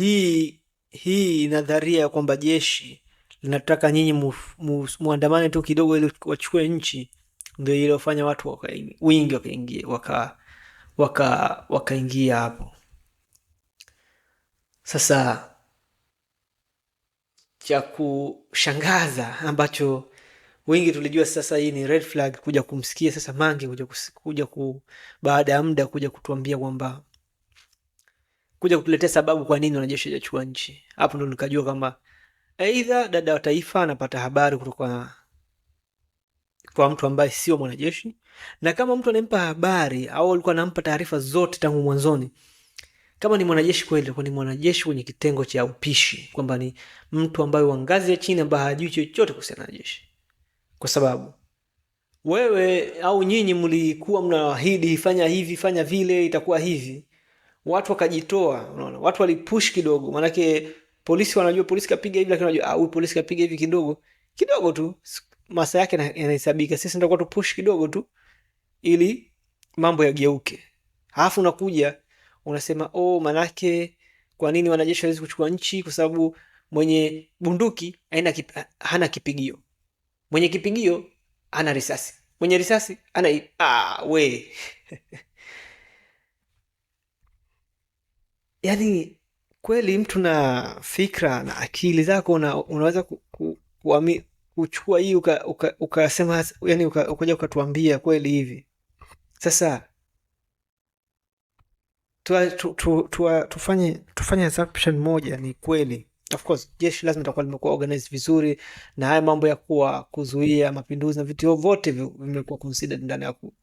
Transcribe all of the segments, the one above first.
hii hii nadharia ya kwamba jeshi linataka nyinyi muandamane tu kidogo ili wachukue nchi, ndio iliofanya watu waka, wingi wakaingia waka, waka, waka hapo. Sasa cha kushangaza ambacho wengi tulijua sasa hii ni red flag, kuja kumsikia sasa Mange kuja, kuja ku, baada ya muda kuja kutuambia kwamba kuja kutuletea sababu kwa nini wanajeshi wajachukua nchi. Hapo ndo nikajua kwamba aidha dada wa taifa anapata habari kutoka kwa mtu ambaye sio mwanajeshi, na kama mtu anampa habari au alikuwa anampa taarifa zote tangu mwanzoni, kama ni mwanajeshi kweli, kwa ni mwanajeshi kwenye kitengo cha upishi, kwamba ni mtu ambaye wa ngazi ya chini ambaye hajui chochote kuhusiana na jeshi, kwa sababu wewe au nyinyi mlikuwa mnaahidi fanya hivi, fanya vile, itakuwa hivi watu wakajitoa, unaona, watu walipush kidogo, maanake polisi wanajua, polisi kapiga hivi, lakini wanajua ah, huyu polisi kapiga hivi kidogo kidogo tu, masa yake yanahesabika, sisi ndakuwa tu push kidogo tu ili mambo yageuke. alafu unakuja unasema o oh, manake kwa nini wanajeshi wawezi kuchukua nchi? Kwa sababu mwenye bunduki aina kip, hana kipigio, mwenye kipigio ana risasi, mwenye risasi ana ah, we yani kweli mtu na fikra na akili zako una, unaweza kuchukua hii ukasema uka, uka, yani ukaja uka, ukatuambia kweli hivi sasa tuwa, tu, tu, tuwa, tufanye tufanye assumption moja ni kweli of course jeshi lazima itakuwa limekuwa organized vizuri na haya mambo ya kuwa kuzuia mapinduzi na vitu hivyo vyote vimekuwa considered ndani ya ku,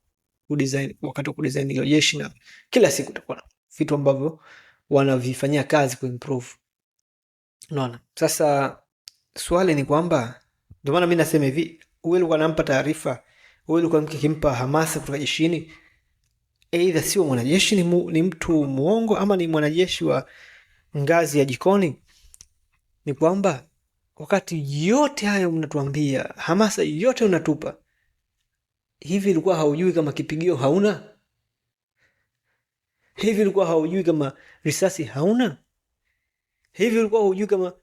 kudesign wakati wa kudesign hiyo jeshi na kila siku itakuwa na vitu ambavyo wanavifanyia kazi kuimprove. Unaona, sasa swali ni kwamba, ndio maana mi nasema hivi, huyu alikuwa anampa taarifa, huyu alikuwa mkikimpa hamasa kutoka jeshini, eidha sio mwanajeshi ni, mu, ni mtu mwongo ama ni mwanajeshi wa ngazi ya jikoni, ni kwamba wakati yote hayo mnatuambia hamasa yote unatupa hivi, ilikuwa haujui kama kipigio hauna? Hivi ulikuwa haujui kama risasi hauna? Hivi ulikuwa haujui kama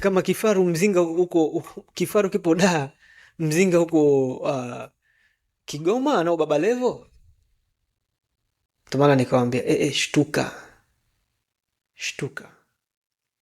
kama kifaru mzinga huko, kifaru kipo daa mzinga huko uh, Kigoma anao Baba Levo? tumana nikawambia e, eh, e, eh, shtuka shtuka.